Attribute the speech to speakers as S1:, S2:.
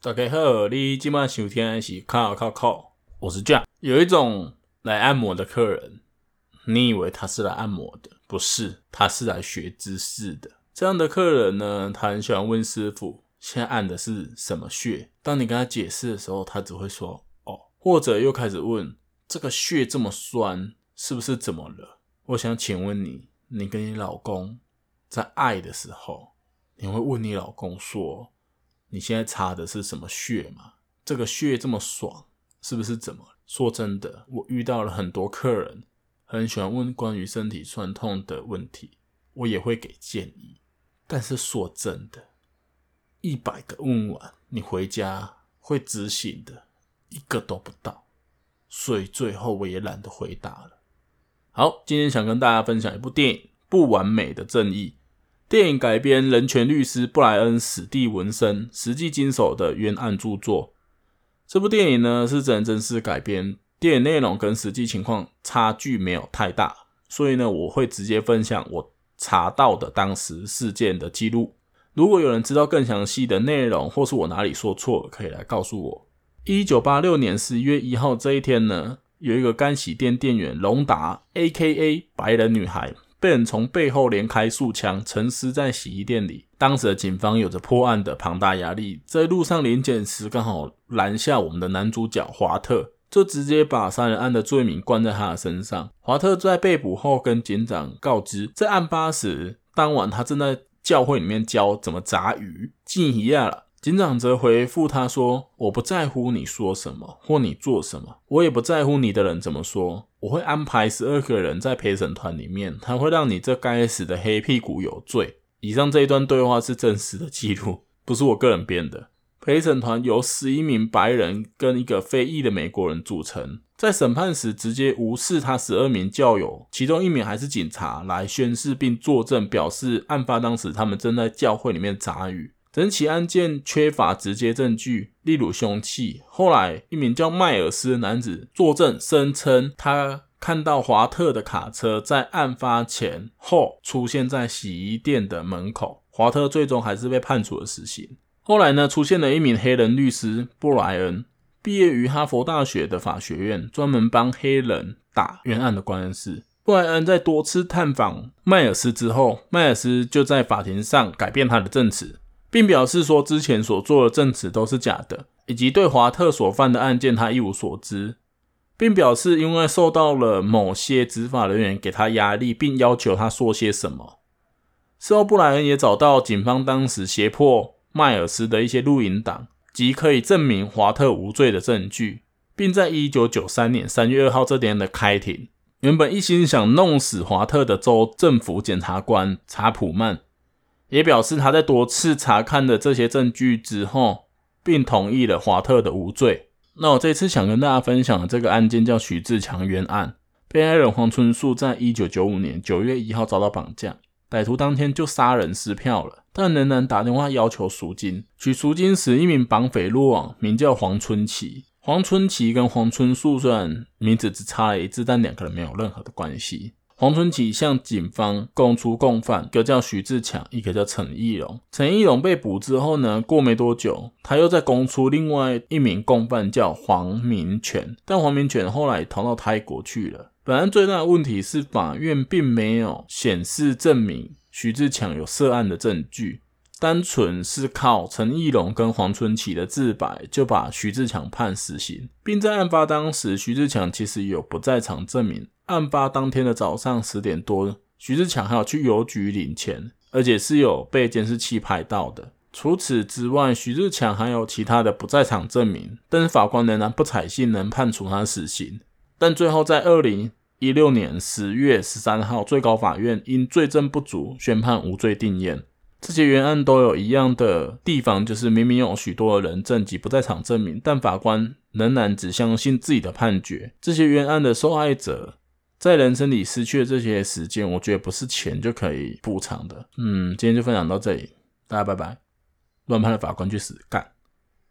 S1: 大家好，你現在收聽的是看靠靠靠，我是這樣。有一種來按摩的客人，你以為他是來按摩的，不是，他是來學知識的。這樣的客人呢，他很喜歡問師傅。現在按的是什麼穴？當你跟他解釋的時候，他只會說“哦”，或者又開始問：“這個穴這麼酸，是不是怎麼了？”我想請問你，你跟你老公在愛的時候，你會問你老公說：“你現在擦的是什麼穴嗎？這個穴這麼爽，是不是怎麼了？”說真的，我遇到了很多客人，很喜歡問關於身體酸痛的問題，我也會給建議，但是說真的。一百個問完，你回家會執行的，一個都不到，所以最後我也懶得回答了。好，今天想跟大家分享一部電影《不完美的正義》。電影改編人權律師布萊恩史蒂文森實際經手的冤案著作。這部電影呢，是真人真事改編，電影內容跟實際情況差距沒有太大，所以呢，我會直接分享我查到的當時事件的記錄。如果有人知道更詳細的內容，或是我哪裡說錯了，可以來告訴我。一九八六年十一月一號這一天呢，有一個乾洗店店員龍達 （A.K.A. 白人女孩）被人從背後連開數槍，沉屍在洗衣店裡。當時的警方有着破案的龐大壓力，在路上臨檢時剛好攔下我們的男主角華特，就直接把殺人案的罪名冠在他的身上。華特在被捕後跟警長告知，在案發時當晚他正在。教會裡面教怎麼炸魚，一下了。警長則回復他說：“我不在乎你說什麼或你做什麼，我也不在乎你的人怎麼說。我會安排十二個人在陪審團裡面，他會讓你這該死的黑屁股有罪。”以上這一段對話是真實的記錄，不是我個人編的。陪審團由十一名白人跟一個非裔的美國人組成。在審判時，直接無視他十二名教友，其中一名還是警察來宣誓並作證，表示案發當時他們正在教會裡面炸魚。整起案件缺乏直接證據，例如兇器。後來，一名叫邁爾斯的男子作證，聲稱他看到華特的卡車在案發前後出現在洗衣店的門口。華特最終還是被判處了死刑。後來呢，出現了一名黑人律師布萊恩。畢業於哈佛大學的法學院，專門幫黑人打冤案的官司。布萊恩在多次探訪邁爾斯之後，邁爾斯就在法庭上改變他的證詞，並表示說之前所做的證詞都是假的，以及對華特所犯的案件他一無所知，並表示因為受到了某些執法人員給他壓力，並要求他說些什麼。事後，布萊恩也找到警方當時脅迫邁爾斯的一些錄音檔。即可以證明華特無罪的證據，並在1993年3月2號這天的開庭，原本一心想弄死華特的州政府檢察官查普曼，也表示他在多次查看了這些證據之後，並同意了華特的無罪。那我這次想跟大家分享的這個案件叫徐自強冤案，被害人黃春樹在一九九五年九月一號遭到綁架，歹徒當天就殺人撕票了。但仍然打電話要求贖金。取贖金時，一名綁匪落網，名叫黃春棋。黃春棋跟黃春樹雖然名字只差了一字，但兩個人沒有任何的關係。黃春棋向警方供出共犯，一個叫徐自強，一個叫陳憶隆。陳憶隆被捕之後呢，過沒多久，他又再供出另外一名共犯，叫黃銘泉。但黃銘泉後來逃到泰國去了。本案最大的問題是，法院並沒有顯示證明。徐自強有涉案的證據，單純是靠陳憶隆跟黃春棋的自白就把徐自強判死刑，並在案發當時，徐自強其實有不在場證明。案發當天的早上十點多，徐自強還要去郵局領錢，而且是有被監視器拍到的。除此之外，徐自強還有其他的不在場證明，但是法官仍然不採信，能判處他死刑。但最後在二零。一六年十月十三號，最高法院因罪證不足，宣判無罪定讞。這些冤案都有一樣的地方，就是明明有許多的人證及不在場證明，但法官仍然只相信自己的判決。這些冤案的受害者在人生裡失去的這些時間，我覺得不是錢就可以補償的。嗯，今天就分享到這裡，大家拜拜。亂判的法官去死，幹！